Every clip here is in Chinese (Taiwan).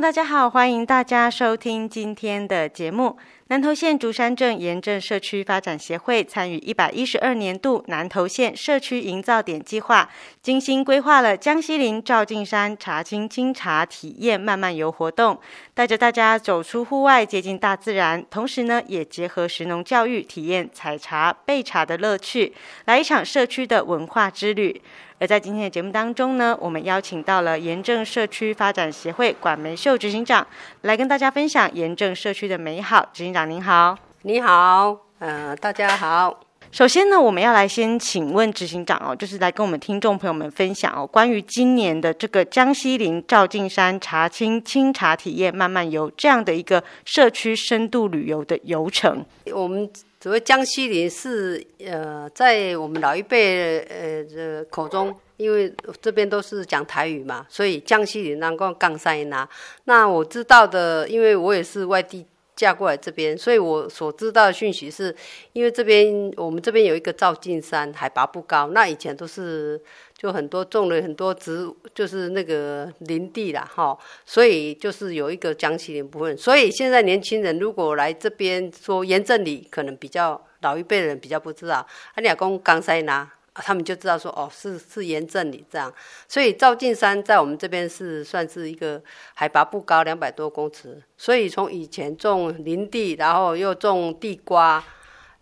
大家好，歡迎大家收聽今天的節目。南投縣竹山鎮延正社區發展協會參與一百一十二年度南投縣社區營造點計劃，精心規劃了江西林照鏡山、茶菁、青茶體驗漫漫遊活動，帶着大家走出戶外，接近大自然，同時呢，也結合食農教育，體驗採茶焙茶的樂趣，來一場社區的文化之旅。而在今天的節目當中呢，我們邀請到了延正社區發展協會管梅秀執行長，來跟大家分享延正社區的美好，執行長。您好，你好，呃，大家好。首先呢，我們要來先請問執行長哦，就是來跟我們聽眾朋友們分享哦，關於今年的這個江西林、照鏡山茶菁、青茶體驗、漫漫遊這樣的一個社區深度旅遊的遊程。我們所謂江西林是呃，在我們老一輩的呃這、呃、口中，因為這邊都是講台語嘛，所以江西林那塊贛一拿，那我知道的，因為我也是外地。嫁過來這邊，所以我所知道的訊息是，因為這邊我們這邊有一個照鏡山，海拔不高，那以前都是就很多種了很多植，就是那個林地啦，哈，所以就是有一個江西林的部分，所以現在年輕人如果來這邊說延正里，可能比較老一輩的人比較不知道，啊你，你老公剛塞拿，他們就知道說哦，是是延正裡這樣，所以照鏡山在我們這邊是算是一個海拔不高，兩百多公尺，所以從以前種林地，然後又種地瓜，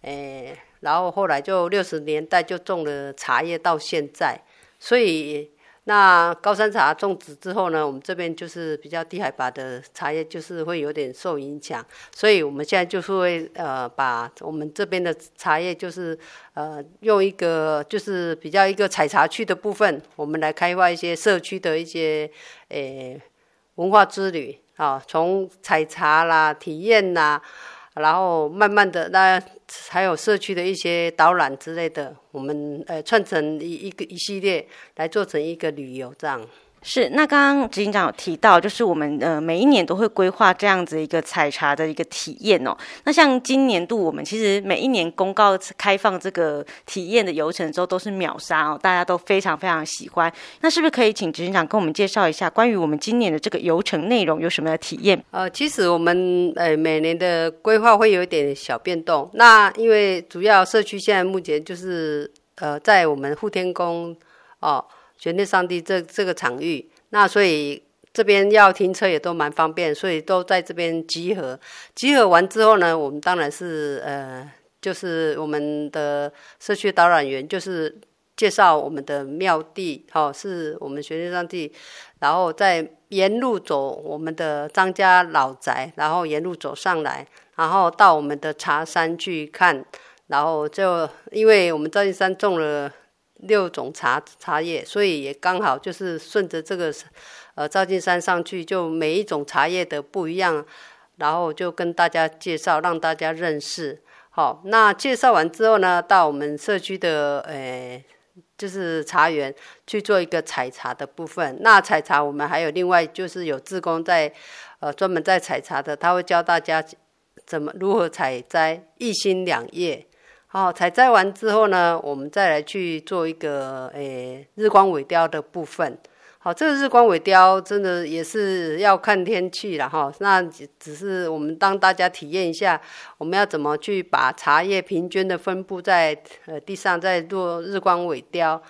欸、然後後來就六十年代就種了茶葉，到現在，所以。那高山茶種植之後呢，我們這邊就是比較低海拔的茶葉，就是會有點受影響，所以我們現在就是會呃，把我們這邊的茶葉就是呃，用一個就是比較一個採茶區的部分，我們來開發一些社區的一些誒、欸、文化之旅啊，從採茶啦、體驗啦。然後慢慢的，那還有社區的一些導覽之類的，我們呃串成一一個一系列，來做成一個旅遊這樣。是，那剛剛執行長有提到，就是我們呃每一年都會規劃這樣子一個採茶的一個體驗哦。那像今年度，我們其實每一年公告開放這個體驗的遊程的時候，都是秒殺哦，大家都非常非常喜歡。那是不是可以請執行長跟我們介紹一下，關於我們今年的這個遊程內容有什麼樣的體驗？呃，其實我們呃每年的規劃會有一點小變動，那因為主要社區現在目前就是呃在我們富天宮哦。呃玄天上帝這這個場域，那所以這邊要停車也都蠻方便，所以都在這邊集合。集合完之後呢，我們當然是呃，就是我們的社區導覽員，就是介紹我們的廟地，哈、哦，是我們玄天上帝。然後在沿路走我們的張家老宅，然後沿路走上來，然後到我們的茶山去看，然後就因為我們照鏡山種了。六種茶茶葉，所以也剛好就是順着這個，呃，照鏡山上去，就每一種茶葉的不一樣，然後就跟大家介紹，讓大家認識。好，那介紹完之後呢，到我們社區的呃，就是茶園去做一個採茶的部分。那採茶我們還有另外就是有志工在，呃，專門在採茶的，他會教大家怎麼如何採摘一心兩葉。好，採摘完之後呢，我們再來去做一個誒、欸、日光萎凋的部分。好，這個日光萎凋真的也是要看天氣了哈。那只是我們當大家體驗一下，我們要怎麼去把茶葉平均的分布在呃地上，再做日光萎凋。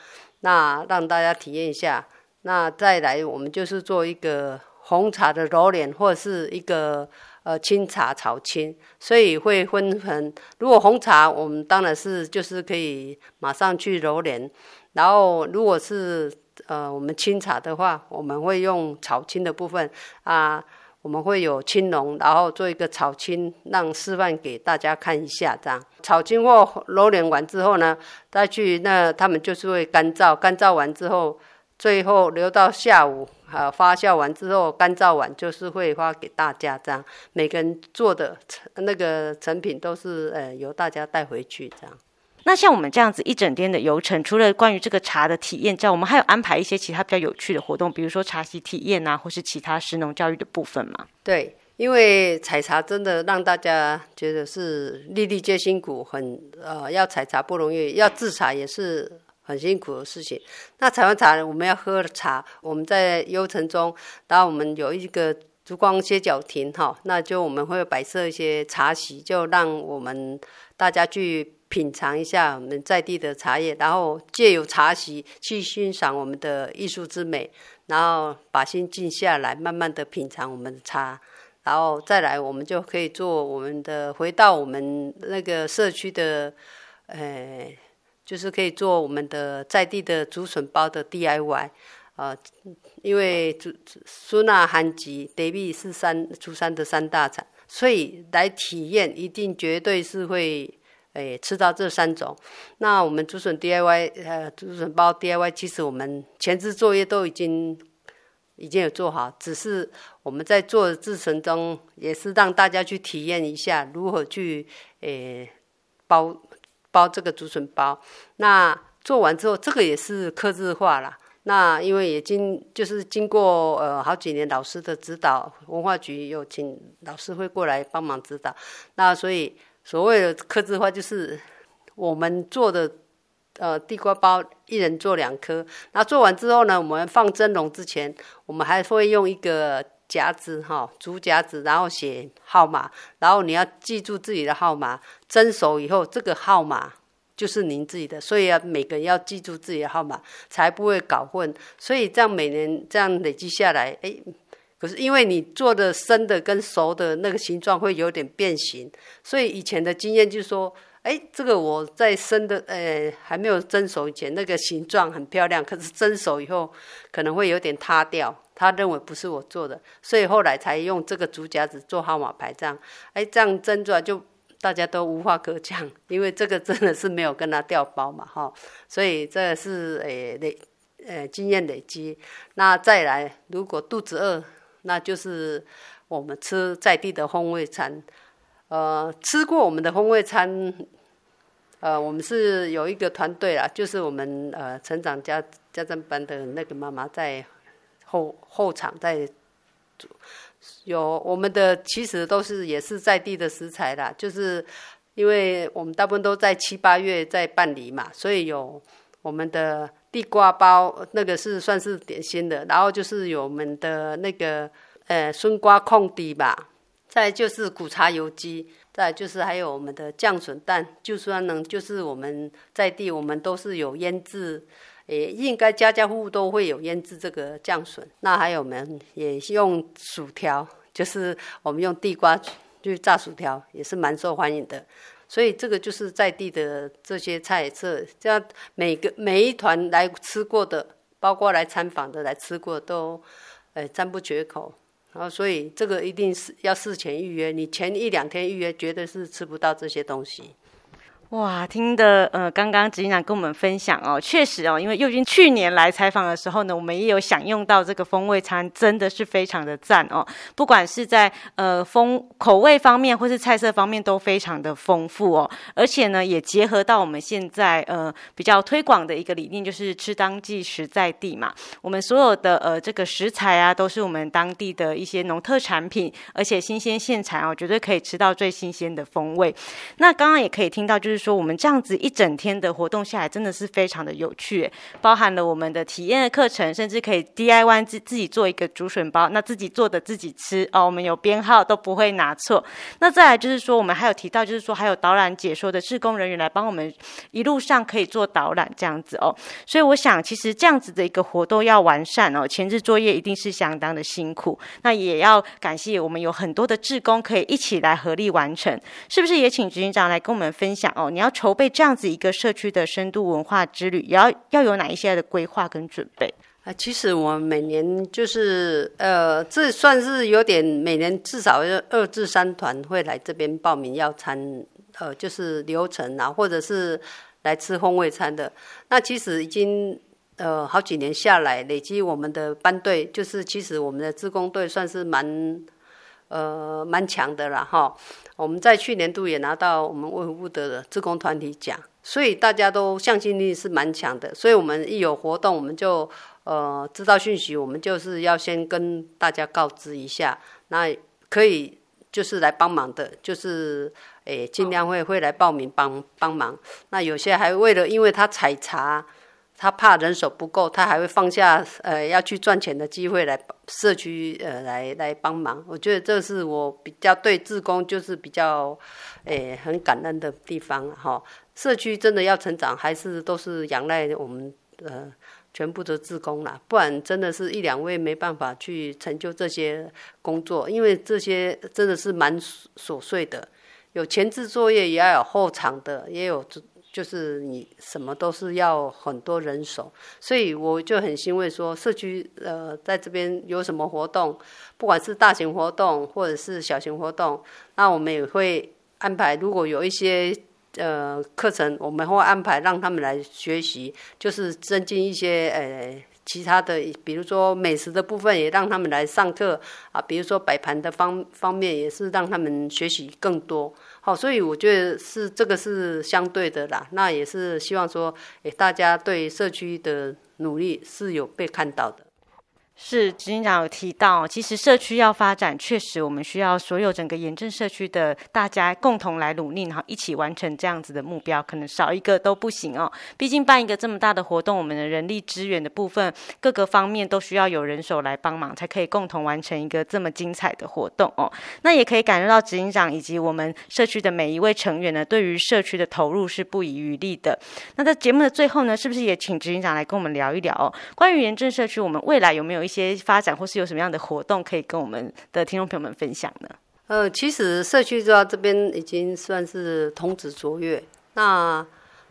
那讓大家體驗一下。那再來，我們就是做一個紅茶的揉捻或者是一個。呃，青茶炒青，所以會分成。如果紅茶，我們當然是就是可以馬上去揉捻，然後如果是呃我們青茶的話，我們會用炒青的部分啊，我們會有青龍，然後做一個炒青讓示範給大家看一下。這樣炒青或揉捻完之後呢，再去那他們就是會乾燥，乾燥完之後。最後留到下午，哈、啊，發酵完之後乾燥完，就是會發給大家這樣，每個人做的成那個成品都是呃由大家帶回去這樣。那像我們這樣子一整天的遊程，除了關於這個茶的體驗之外，我們還有安排一些其他比較有趣的活動，比如說茶席體驗啊，或是其他食農教育的部分嗎？對，因為採茶真的讓大家覺得是粒粒皆辛苦，很呃要採茶不容易，要制茶也是。很辛苦的事情。那採完茶，我們要喝了茶。我們在遊程中，然後我們有一個燭光歇腳亭，哈，那就我們會擺設一些茶席，就讓我們大家去品嘗一下我們在地的茶葉。然後借由茶席去欣賞我們的藝術之美，然後把心靜下來，慢慢的品嘗我們的茶。然後再來，我們就可以做我們的回到我們那個社區的，呃、欸。就是可以做我們的在地的竹筍包的 DIY，呃，因為竹竹、竹納、寒橘、德壁是三，竹山的三大產，所以來體驗一定絕對是會誒吃到這三種。那我們竹筍 DIY，呃，竹筍包 DIY，其實我們前置作業都已經已經有做好，只是我們在做的制程中也是讓大家去體驗一下如何去誒包。包這個竹筍包，那做完之後，這個也是客製化啦那因為也經就是經過呃好幾年老師的指導，文化局有請老師會過來幫忙指導。那所以所謂的客製化就是我們做的呃地瓜包，一人做兩顆。那做完之後呢，我們放蒸籠之前，我們還會用一個。夾子哈，竹夾子，然後寫號碼，然後你要記住自己的號碼，蒸熟以後這個號碼就是您自己的，所以要每個人要記住自己的號碼，才不會搞混。所以這樣每年這樣累積下來，哎，可是因為你做的生的跟熟的那個形狀會有點變形，所以以前的經驗就是說，哎，這個我在生的，呃，還沒有蒸熟以前，那個形狀很漂亮，可是蒸熟以後可能會有點塌掉。他認為不是我做的，所以後來才用這個竹夾子做號碼牌，欸，這樣，哎，這樣爭執就大家都無話可講，因為這個真的是沒有跟他調包嘛，哈，所以這是欸，累，呃、欸欸，經驗累積。那再來，如果肚子餓，那就是我們吃在地的風味餐。呃，吃過我們的風味餐，呃，我們是有一個團隊啦，就是我們呃成長家家政班的那個媽媽在。後後場在有我們的，其實都是也是在地的食材啦。就是因為我們大部分都在七八月在辦理嘛，所以有我們的地瓜包，那個是算是點心的。然後就是有我們的那個呃筍瓜空地吧，再就是苦茶油雞，再就是還有我們的醬筍蛋，就算能就是我們在地，我們都是有醃製。也、欸、應該家家戶戶都會有醃製這個醬筍，那還有我們也用薯條，就是我們用地瓜去炸薯條，也是蠻受歡迎的。所以這個就是在地的這些菜色，這樣每個每一團來吃過的，包括來參訪的來吃過都，都呃讚不絕口。然後所以這個一定是要事前預約，你前一兩天預約，絕對是吃不到這些東西。哇，聽的呃，剛剛執行長跟我們分享哦，確實哦，因為佑君去年來採訪的時候呢，我們也有享用到這個風味餐，真的是非常的讚哦。不管是在呃風口味方面或是菜色方面都非常的豐富哦，而且呢也結合到我們現在呃比較推廣的一個理念，就是吃當季、食在地嘛。我們所有的呃這個食材啊，都是我們當地的一些農特產品，而且新鮮現產哦，絕對可以吃到最新鮮的風味。那剛剛也可以聽到就是。說我們這樣子一整天的活動下來，真的是非常的有趣，欸，包含了我們的體驗的課程，甚至可以 DIY 自自己做一個竹筍包，那自己做的自己吃哦。我們有編號都不會拿錯。那再來就是說，我們還有提到就是說還有導覽解說的志工人員來幫我們一路上可以做導覽這樣子哦。所以我想其實這樣子的一個活動要完善哦，前置作業一定是相當的辛苦。那也要感謝我們有很多的志工可以一起來合力完成，是不是也請執行長來跟我們分享哦？你要籌備這樣子一個社區的深度文化之旅，也要要有哪一些的規劃跟準備啊？其實我們每年就是呃，這算是有點每年至少二，二至三團會來這邊報名要餐，呃，就是流程啊，或者是來吃風味餐的。那其實已經呃好幾年下來，累積我們的班隊，就是其實我們的志工隊算是蠻。呃，蠻強的了哈。我們在去年度也拿到我們衛福部的志工團體獎，所以大家都向心力是蠻強的。所以我們一有活動，我們就呃知道訊息，我們就是要先跟大家告知一下，那可以就是來幫忙的，就是誒儘、欸、量會、哦、會來報名幫幫忙。那有些還為了因為他採茶。他怕人手不夠，他還會放下呃要去賺錢的機會，來社區呃來來幫忙。我覺得這是我比較對志工就是比較誒、欸、很感恩的地方哈、哦。社區真的要成長，還是都是仰賴我們呃全部的志工啦，不然真的是一兩位沒辦法去成就這些工作，因為這些真的是蠻瑣碎的，有前置作業，也要有後場的，也有。就是你什麼都是要很多人手，所以我就很欣慰說社，社區呃在這邊有什麼活動，不管是大型活動或者是小型活動，那我們也會安排。如果有一些呃課程，我們會安排讓他們來學習，就是增進一些呃。欸其他的，比如說美食的部分，也讓他們來上課啊。比如說擺盤的方方面，也是讓他們學習更多。好、哦，所以我覺得是這個是相對的啦。那也是希望說，誒、哎，大家對社區的努力是有被看到的。是，執行長有提到，其實社區要發展，確實我們需要所有整個延正社區的大家共同來努力，然後一起完成這樣子的目標，可能少一個都不行哦、喔。畢竟辦一個這麼大的活動，我們的人力資源的部分，各個方面都需要有人手來幫忙，才可以共同完成一個這麼精彩的活動哦、喔。那也可以感受到執行長以及我們社區的每一位成員呢，對於社區的投入是不遺餘力的。那在節目的最後呢，是不是也請執行長來跟我們聊一聊哦、喔？關於延正社區，我們未來有沒有？一些發展或是有什麼樣的活動，可以跟我們的聽眾朋友們分享呢？呃，其實社區這邊已經算是通知卓越。那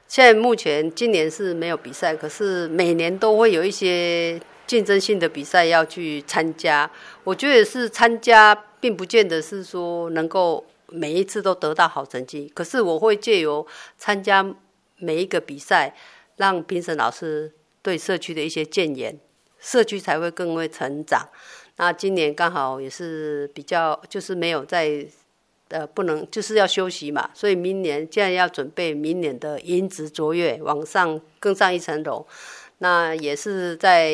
現在目前今年是沒有比賽，可是每年都會有一些競爭性的比賽要去參加。我覺得是參加，並不見得是說能夠每一次都得到好成績。可是我會借由參加每一個比賽，讓評審老師對社區的一些建言。社區才會更會成長。那今年剛好也是比較，就是沒有在，呃，不能就是要休息嘛。所以明年既然要準備，明年的贏值卓越往上更上一層樓。那也是在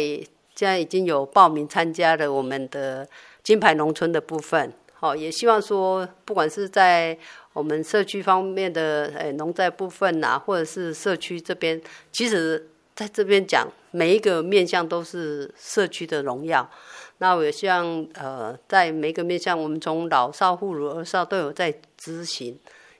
現在已經有報名參加了我們的金牌農村的部分。好、哦，也希望說，不管是在我們社區方面的誒農在部分吶、啊，或者是社區這邊，其實。在這邊講，每一個面向都是社區的榮耀。那我也希望，呃，在每一個面向，我們從老少婦孺、兒少都有在執行。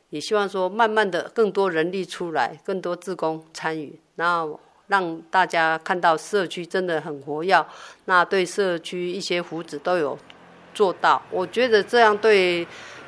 也希望說，慢慢的更多人力出來，更多志工參與，那讓大家看到社區真的很活躍。那對社區一些福祉都有做到。我覺得這樣對，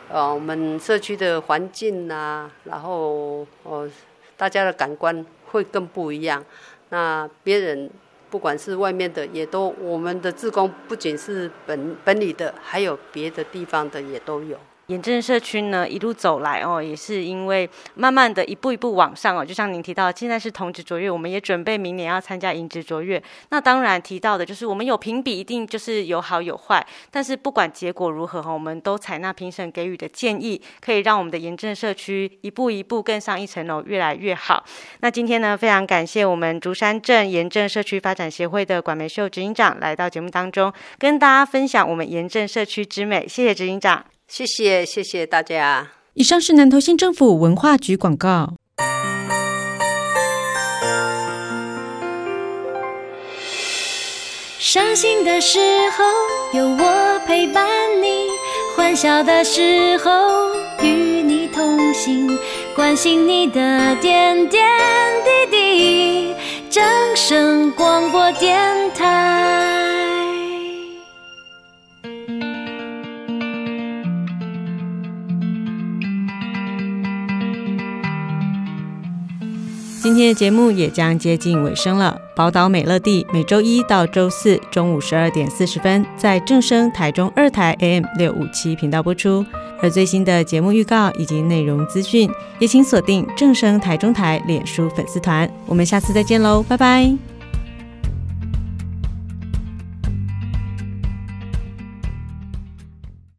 呃，我們社區的環境吶、啊，然後呃，大家的感官會更不一樣。那別人，不管是外面的，也都我們的志工不僅是本本里的，還有別的地方的也都有。延正社區呢，一路走來哦，也是因為慢慢的，一步一步往上哦。就像您提到，現在是銅質卓越，我們也準備明年要參加銀質卓越。那當然提到的，就是我們有評比，一定就是有好有壞。但是不管結果如何哈、哦，我們都採納評審給予的建議，可以讓我們的延正社區一步一步更上一層樓，越來越好。那今天呢，非常感謝我們竹山鎮延正社區發展協會的管梅秀執行長來到節目當中，跟大家分享我們延正社區之美。謝謝執行長。謝謝謝謝大家。以上是南投縣政府文化局廣告。傷心的時候有我陪伴你，歡笑的時候與你同行，關心你的點點滴滴。正聲廣播電台。今天的節目也將接近尾聲了。寶島美樂地每周一到周四中午十二點四十分，在正聲台中二台 AM 六五七頻道播出。而最新的節目預告以及內容資訊，也請鎖定正聲台中台臉書粉絲團。我們下次再見嘍，拜拜。